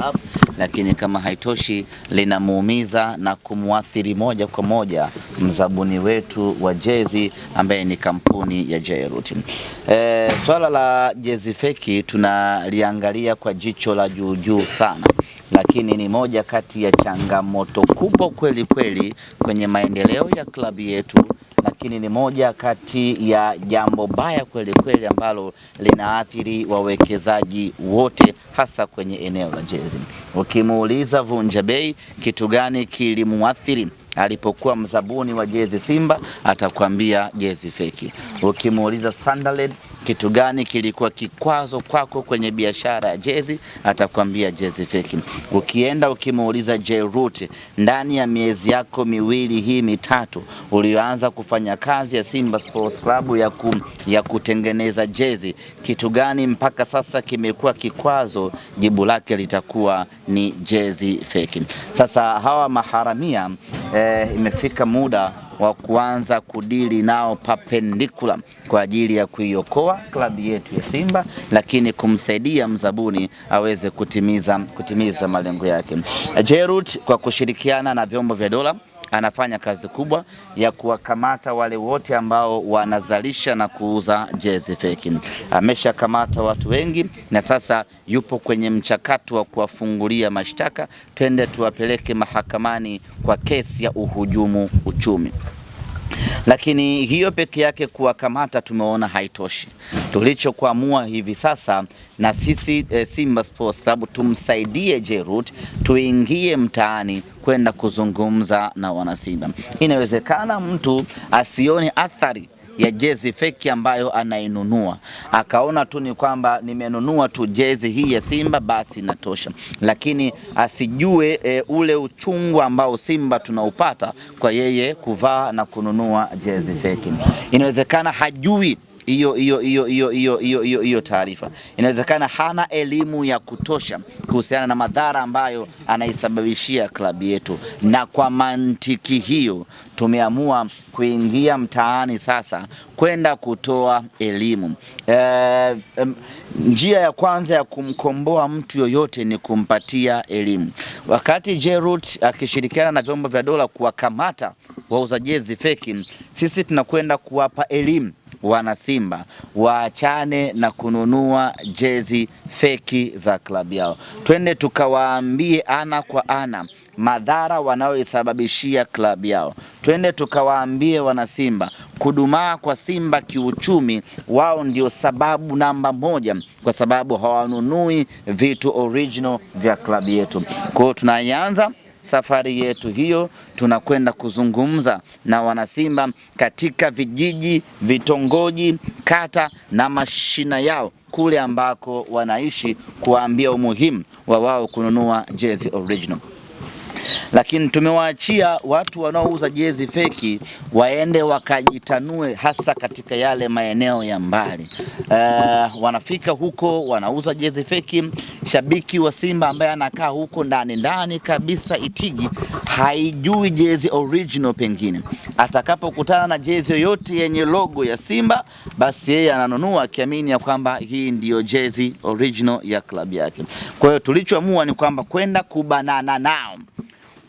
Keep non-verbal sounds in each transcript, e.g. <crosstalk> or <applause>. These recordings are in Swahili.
shabab lakini kama haitoshi linamuumiza na kumwathiri moja kwa moja mzabuni wetu wa jezi ambaye ni kampuni ya Jairut. E, swala la jezi feki tunaliangalia kwa jicho la juu juu sana, lakini ni moja kati ya changamoto kubwa kweli kweli kwenye maendeleo ya klabu yetu lakini ni moja kati ya jambo baya kweli kweli ambalo linaathiri wawekezaji wote, hasa kwenye eneo la jezi. Ukimuuliza vunja bei kitu gani kilimuathiri alipokuwa mzabuni wa jezi Simba atakwambia jezi feki. Ukimuuliza Sunderland, kitu gani kilikuwa kikwazo kwako kwenye biashara ya jezi, atakwambia jezi feki. Ukienda ukimuuliza Jerute, ndani ya miezi yako miwili hii mitatu ulioanza kufanya kazi ya Simba Sports Club ya, ku, ya kutengeneza jezi, kitu gani mpaka sasa kimekuwa kikwazo, jibu lake litakuwa ni jezi feki. Sasa hawa maharamia eh, imefika muda wa kuanza kudili nao papendikula kwa ajili ya kuiokoa klabu yetu ya Simba, lakini kumsaidia mzabuni aweze kutimiza, kutimiza malengo yake. Jerut kwa kushirikiana na vyombo vya dola anafanya kazi kubwa ya kuwakamata wale wote ambao wanazalisha na kuuza jezi feki. Ameshakamata watu wengi na sasa yupo kwenye mchakato wa kuwafungulia mashtaka, twende tuwapeleke mahakamani kwa kesi ya uhujumu uchumi. Lakini hiyo peke yake kuwakamata tumeona haitoshi. Tulichokuamua hivi sasa na sisi e, Simba Sports Club tumsaidie Jerut, tuingie mtaani kwenda kuzungumza na wanasimba. Inawezekana mtu asione athari ya jezi feki ambayo anainunua akaona tu ni kwamba nimenunua tu jezi hii ya Simba basi inatosha, lakini asijue e, ule uchungu ambao Simba tunaupata kwa yeye kuvaa na kununua jezi feki. Inawezekana hajui hiyo hiyo hiyo hiyo hiyo hiyo hiyo hiyo taarifa. Inawezekana hana elimu ya kutosha kuhusiana na madhara ambayo anaisababishia klabu yetu, na kwa mantiki hiyo tumeamua kuingia mtaani sasa kwenda kutoa elimu. E, njia ya kwanza ya kumkomboa mtu yoyote ni kumpatia elimu. Wakati Jerut akishirikiana na vyombo vya dola kuwakamata wauza jezi feki, sisi tunakwenda kuwapa elimu wanasimba waachane na kununua jezi feki za klabu yao, twende tukawaambie ana kwa ana madhara wanayoisababishia klabu yao. Twende tukawaambie wanasimba, kudumaa kwa Simba kiuchumi, wao ndio sababu namba moja, kwa sababu hawanunui vitu original vya klabu yetu. Kwa hiyo tunaanza safari yetu hiyo tunakwenda kuzungumza na wanasimba katika vijiji, vitongoji, kata na mashina yao kule ambako wanaishi kuwaambia umuhimu wa wao kununua jezi original lakini tumewaachia watu wanaouza jezi feki waende wakajitanue, hasa katika yale maeneo ya mbali. Uh, wanafika huko wanauza jezi feki. Shabiki wa Simba ambaye anakaa huko ndani ndani kabisa Itigi haijui jezi original, pengine atakapokutana na jezi yoyote yenye logo ya Simba, basi yeye ananunua akiamini ya kwamba hii ndiyo jezi original ya klabu yake. Kwa hiyo tulichoamua ni kwamba kwenda kubanana nao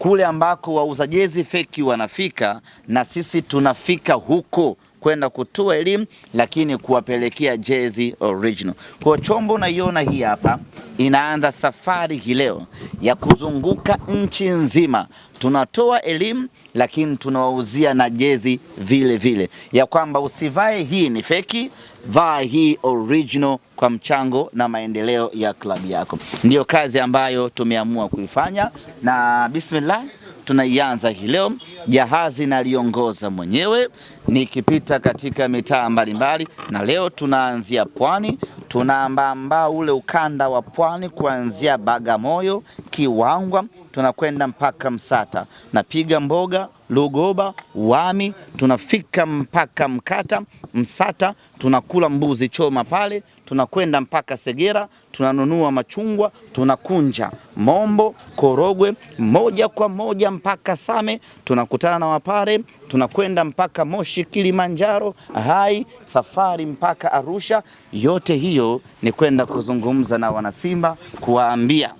kule ambako wauza jezi feki wanafika na sisi tunafika huko kwenda kutoa elimu, lakini kuwapelekea jezi original. Kwa chombo unaiona hii hapa inaanza safari hii leo ya kuzunguka nchi nzima. Tunatoa elimu lakini tunawauzia na jezi vile vile, ya kwamba usivae hii ni feki, vaa hii original kwa mchango na maendeleo ya klabu yako. Ndiyo kazi ambayo tumeamua kuifanya, na bismillah tunaianza hii leo. Jahazi naliongoza mwenyewe nikipita katika mitaa mbalimbali, na leo tunaanzia Pwani, tunaambaambaa ule ukanda wa Pwani kuanzia Bagamoyo, Kiwangwa, tunakwenda mpaka Msata, napiga mboga Lugoba, Wami, tunafika mpaka Mkata, Msata, tunakula mbuzi choma pale, tunakwenda mpaka Segera, tunanunua machungwa, tunakunja Mombo, Korogwe, moja kwa moja mpaka Same, tunakutana na Wapare tunakwenda mpaka Moshi, Kilimanjaro, Hai, safari mpaka Arusha. Yote hiyo ni kwenda kuzungumza na wanasimba, kuwaambia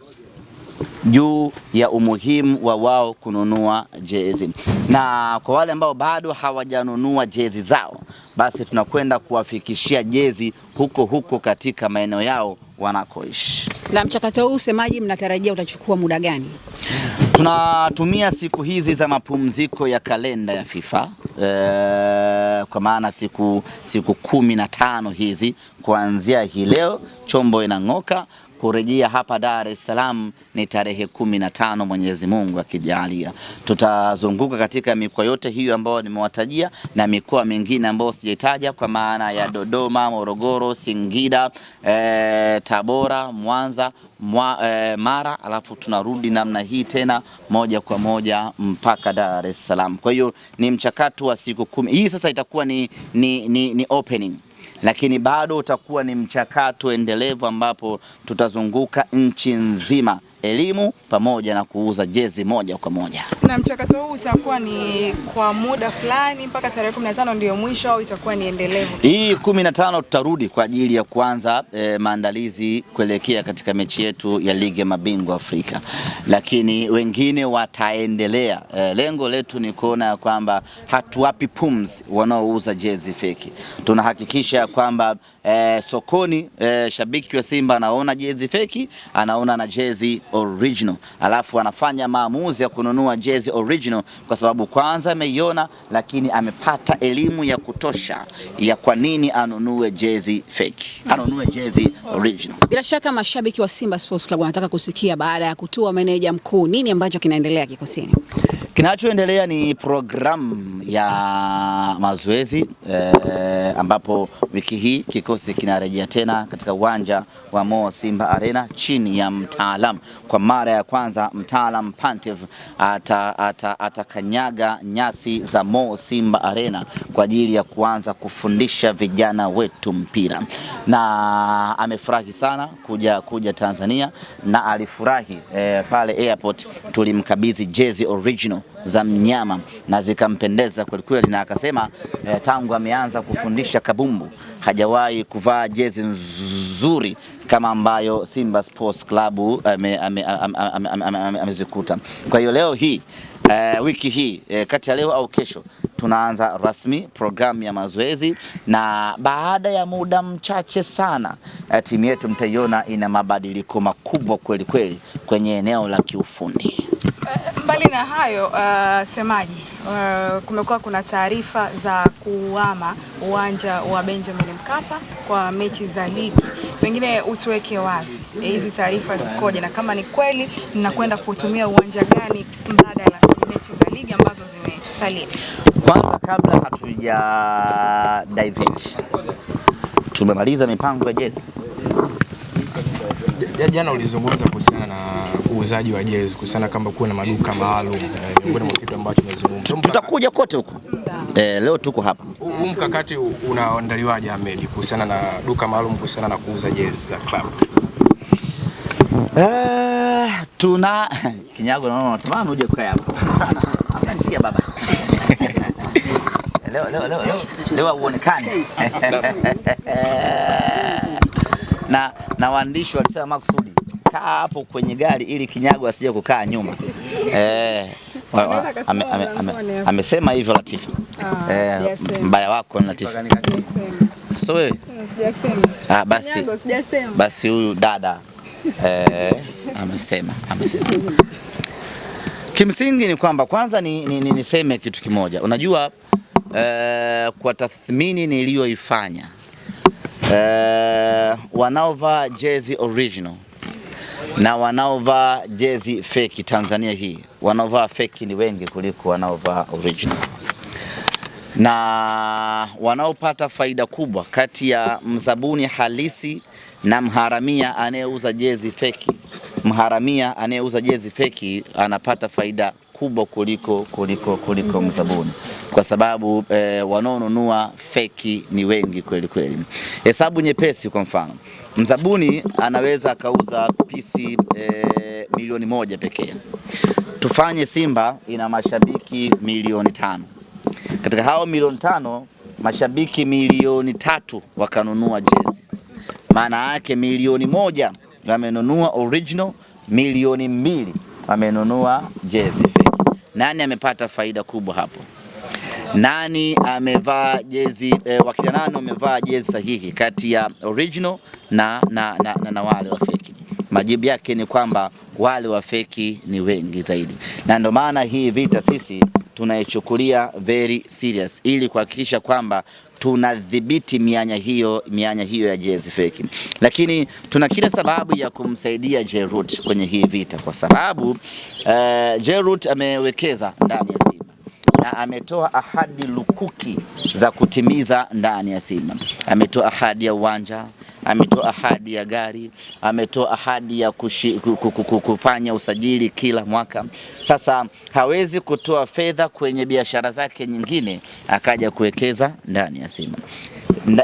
juu ya umuhimu wa wao kununua jezi, na kwa wale ambao bado hawajanunua jezi zao, basi tunakwenda kuwafikishia jezi huko huko katika maeneo yao wanakoishi. Na mchakato huu, usemaji, mnatarajia utachukua muda gani? Tunatumia siku hizi za mapumziko ya kalenda ya FIFA e, kwa maana siku siku kumi na tano hizi kuanzia hii leo chombo inang'oka kurejea hapa Dar es Salaam ni tarehe kumi na tano, Mwenyezi Mungu akijalia. Tutazunguka katika mikoa yote hiyo ambayo nimewatajia na mikoa mingine ambayo sijaitaja kwa maana ya Dodoma, Morogoro, Singida, e, Tabora, Mwanza, mwa, e, Mara, alafu tunarudi namna hii tena moja kwa moja mpaka Dar es Salaam. Kwa hiyo ni mchakato wa siku kumi. Hii sasa itakuwa ni, ni, ni, ni opening lakini bado utakuwa ni mchakato endelevu ambapo tutazunguka nchi nzima elimu pamoja na kuuza jezi moja kwa moja. Na mchakato huu utakuwa ni kwa muda fulani mpaka tarehe 15 ndio mwisho au itakuwa ni endelevu? Hii 15 tutarudi kwa ajili ya kuanza e, maandalizi kuelekea katika mechi yetu ya ligi ya mabingwa Afrika, lakini wengine wataendelea. E, lengo letu ni kuona kwamba hatuwapi pumzi wanaouza jezi feki, tunahakikisha kwamba e, sokoni e, shabiki wa Simba anaona jezi feki, anaona na jezi original, alafu anafanya maamuzi ya kununua jezi original kwa sababu kwanza ameiona, lakini amepata elimu ya kutosha ya kwa nini anunue jezi fake, anunue jezi original. Bila shaka mashabiki wa Simba Sports Club wanataka kusikia baada ya kutua meneja mkuu, nini ambacho kinaendelea kikosini? Kinachoendelea ni programu ya mazoezi eh, ambapo wiki hii kikosi kinarejea tena katika uwanja wa Mo Simba Arena chini ya mtaalam. Kwa mara ya kwanza mtaalam Pantev atakanyaga ata, ata nyasi za Mo Simba Arena kwa ajili ya kuanza kufundisha vijana wetu mpira, na amefurahi sana kuja, kuja Tanzania na alifurahi eh, pale airport tulimkabidhi jezi original za mnyama na zikampendeza kwelikweli, na akasema eh, tangu ameanza kufundisha kabumbu hajawahi kuvaa jezi nzuri kama ambayo Simba Sports Club eh, amezikuta. Kwa hiyo leo hii eh, wiki hii eh, kati ya leo au kesho tunaanza rasmi programu ya mazoezi na baada ya muda mchache sana eh, timu yetu mtaiona ina mabadiliko makubwa kweli kweli kwenye eneo la kiufundi. Mbali na hayo uh, semaji uh, kumekuwa kuna taarifa za kuuama uwanja wa Benjamin Mkapa kwa mechi za ligi, pengine utuweke wazi hizi taarifa zikoje, na kama ni kweli nakwenda kutumia uwanja gani mbadala mechi za ligi ambazo zimesalia? Kwanza kabla hatuja divert, tumemaliza mipango ya jezi jana. Ulizungumza kuhusiana na uuzaji wa jezi kuhusiana kama kuwe na maduka maalum eh, na kitu ambacho tumezungumza. Tutakuja kote huko eh, leo tuko hapa. Huu mkakati unaandaliwaje Ahmed, kuhusiana na duka maalum kuhusiana na kuuza jezi za club? Eh, tuna <laughs> kinyago naona natamani uje kukaa hapa. <laughs> Hapana baba. <laughs> Leo leo leo leo leo uonekane. na na waandishi walisema makusudi amekaa hapo kwenye gari ili kinyago asije kukaa nyuma eh, amesema hivyo Latifa. Ah, eh, mbaya wako Latifa. So wewe ah, ah, basi basi huyu dada eh, amesema amesema Kimsingi ni kwamba kwanza niseme ni, ni kitu kimoja. Unajua eh, kwa tathmini niliyoifanya eh, wanaovaa jezi original na wanaovaa jezi feki Tanzania hii, wanaovaa feki ni wengi kuliko wanaovaa original, na wanaopata faida kubwa kati ya mzabuni halisi na mharamia anayeuza jezi feki, mharamia anayeuza jezi feki anapata faida kubwa kuliko, kuliko, kuliko mzabuni kwa sababu e, wanaonunua feki ni wengi kweli kweli. Hesabu nyepesi, kwa mfano mzabuni anaweza akauza pisi e, milioni moja pekee. Tufanye Simba ina mashabiki milioni tano, katika hao milioni tano mashabiki milioni tatu wakanunua jezi, maana yake milioni moja wamenunua original, milioni mbili amenunua jezi feki. Nani amepata faida kubwa hapo? Nani amevaa jezi e, wakina nani wamevaa jezi sahihi kati ya original na, na, na, na, na wale wa feki? Majibu yake ni kwamba wale wa feki ni wengi zaidi, na ndio maana hii vita sisi tunaichukulia very serious ili kuhakikisha kwamba tunadhibiti mianya hiyo, mianya hiyo ya jezi feki, lakini tuna kila sababu ya kumsaidia Jerut kwenye hii vita kwa sababu uh, eh, Jerut amewekeza ndani ya Simba na ametoa ahadi lukuki za kutimiza ndani ya Simba. Ametoa ahadi ya uwanja ametoa ahadi ya gari, ametoa ahadi ya kufanya usajili kila mwaka. Sasa hawezi kutoa fedha kwenye biashara zake nyingine akaja kuwekeza ndani ya Simba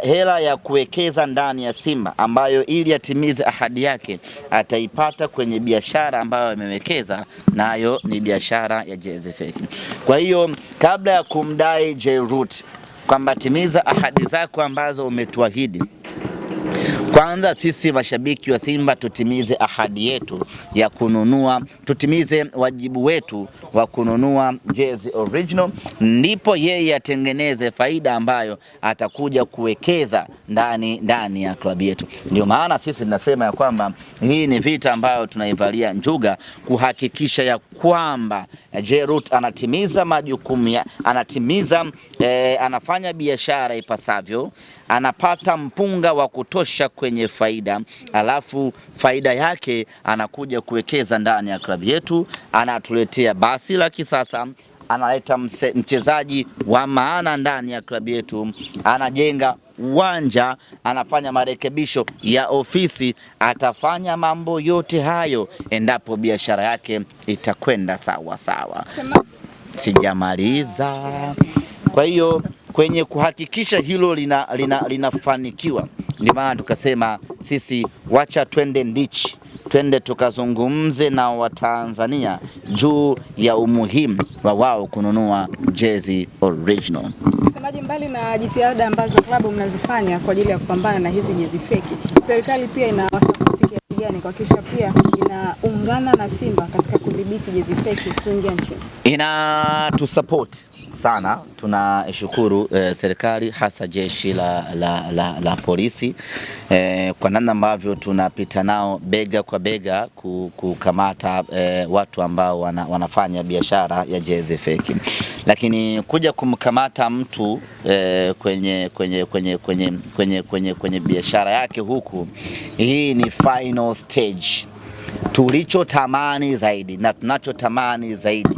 hela ya kuwekeza ndani ya Simba ambayo ili atimize ahadi yake ataipata kwenye biashara ambayo amewekeza nayo, na ni biashara ya JZF. Kwa hiyo kabla ya kumdai Root kwamba timiza ahadi zako ambazo umetuahidi kwanza sisi mashabiki wa Simba tutimize ahadi yetu ya kununua, tutimize wajibu wetu wa kununua jezi original, ndipo yeye atengeneze faida ambayo atakuja kuwekeza ndani ndani ya klabu yetu. Ndio maana sisi tunasema ya kwamba hii ni vita ambayo tunaivalia njuga kuhakikisha ya kwamba eh, Jerut anatimiza majukumu, anatimiza eh, anafanya biashara ipasavyo anapata mpunga wa kutosha kwenye faida, alafu faida yake anakuja kuwekeza ndani ya klabu yetu, anatuletea basi la kisasa analeta mchezaji wa maana ndani ya klabu yetu, anajenga uwanja, anafanya marekebisho ya ofisi, atafanya mambo yote hayo endapo biashara yake itakwenda sawa sawa. Sijamaliza, kwa hiyo kwenye kuhakikisha hilo linafanikiwa lina, lina ndio maana tukasema sisi wacha twende ndichi, twende tukazungumze na Watanzania juu ya umuhimu wa wao kununua jezi original. Msemaji, mbali na jitihada ambazo klabu mnazifanya kwa ajili ya kupambana na hizi jezi feki, serikali pia ina kiasi gani kuhakikisha pia inaungana na Simba katika kudhibiti jezi feki kuingia nchini? Inatusapoti sana tunashukuru eh, serikali hasa jeshi la, la, la, la polisi eh, kwa namna ambavyo tunapita nao bega kwa bega kukamata eh, watu ambao wana, wanafanya biashara ya jezi feki, lakini kuja kumkamata mtu eh, kwenye, kwenye, kwenye, kwenye, kwenye, kwenye, kwenye biashara yake huku, hii ni final stage. Tulichotamani zaidi na tunachotamani zaidi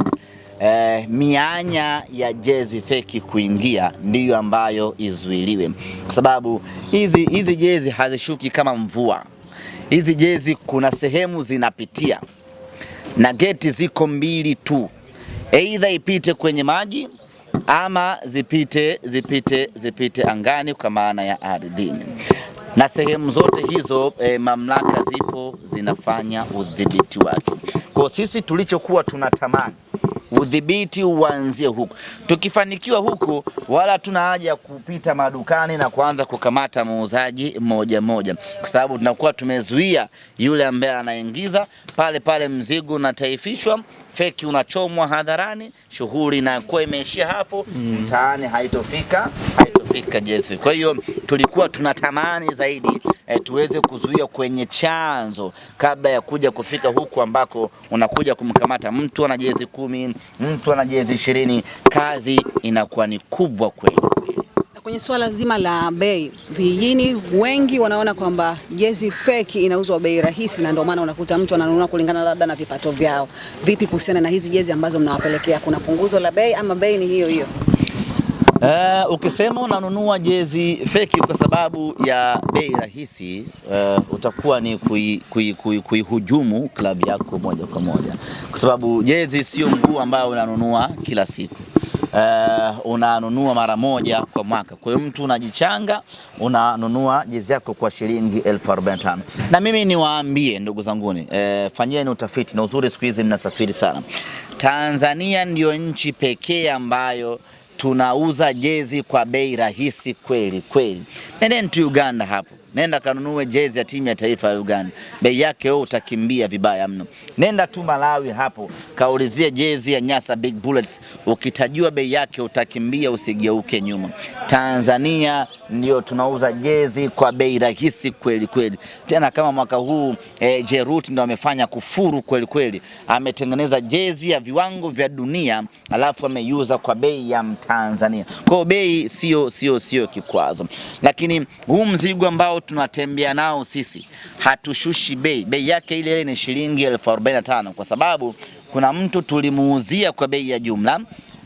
eh, mianya ya jezi feki kuingia ndiyo ambayo izuiliwe, kwa sababu hizi hizi jezi hazishuki kama mvua. Hizi jezi kuna sehemu zinapitia na geti ziko mbili tu, aidha ipite kwenye maji ama zipite zipite zipite angani kwa maana ya ardhini, na sehemu zote hizo e, mamlaka zipo zinafanya udhibiti wake. Kwa sisi tulichokuwa tunatamani udhibiti uanzie huku. Tukifanikiwa huku, wala tuna haja ya kupita madukani na kuanza kukamata muuzaji moja moja kwa sababu tunakuwa tumezuia yule ambaye anaingiza pale pale, mzigo unataifishwa feki unachomwa hadharani, shughuli inakuwa imeishia hapo, mm. mtaani mm. haitofika haitofika Jesse. Kwa hiyo tulikuwa tunatamani zaidi e, tuweze kuzuia kwenye chanzo kabla ya kuja kufika huku ambako unakuja kumkamata mtu ana jezi kumi, mtu ana jezi ishirini, kazi inakuwa ni kubwa kweli. Kwenye swala zima la bei vijijini, wengi wanaona kwamba jezi feki inauzwa bei rahisi, na ndio maana unakuta mtu ananunua kulingana labda na vipato vyao. Vipi kuhusiana na hizi jezi ambazo mnawapelekea, kuna punguzo la bei ama bei ni hiyo hiyo? Uh, ukisema unanunua jezi feki kwa sababu ya bei rahisi uh, utakuwa ni kuihujumu kui, kui klabu yako moja kwa moja, kwa sababu jezi sio nguo ambayo unanunua kila siku uh, unanunua mara moja kwa mwaka. Kwa hiyo mtu unajichanga, unanunua jezi yako kwa shilingi elfu arobaini na tano. Na mimi niwaambie ndugu zanguni, uh, fanyeni utafiti, na uzuri siku hizi mnasafiri sana. Tanzania ndiyo nchi pekee ambayo tunauza jezi kwa bei rahisi kweli kweli. Nendeni tu Uganda hapo nenda kanunue jezi ya timu ya taifa ya Uganda, bei yake wewe utakimbia vibaya mno. Nenda tu Malawi hapo kaulizie jezi ya Nyasa Big Bullets, ukitajua bei yake utakimbia, usigeuke nyuma. Tanzania ndio tunauza jezi kwa bei rahisi kweli kweli, tena kama mwaka huu e, Jerut ndo amefanya kufuru kweli kweli, ametengeneza jezi ya viwango vya dunia alafu ameuza kwa bei ya Mtanzania. Kwa hiyo bei sio sio sio kikwazo, lakini huu mzigo ambao ambao tunatembea nao sisi hatushushi bei, bei yake ile ile ni shilingi elfu arobaini na tano kwa sababu kuna mtu tulimuuzia kwa bei ya jumla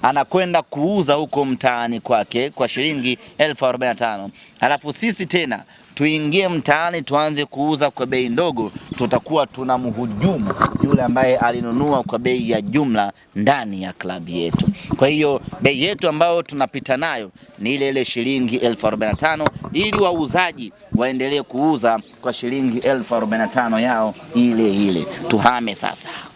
anakwenda kuuza huko mtaani kwake kwa shilingi elfu arobaini na tano halafu sisi tena tuingie mtaani tuanze kuuza kwa bei ndogo, tutakuwa tuna mhujumu yule ambaye alinunua kwa bei ya jumla ndani ya klabu yetu. Kwa hiyo bei yetu ambayo tunapita nayo ni ile ile shilingi elfu arobaini na tano ili wauzaji waendelee kuuza kwa shilingi elfu arobaini na tano yao ile ile. Tuhame sasa.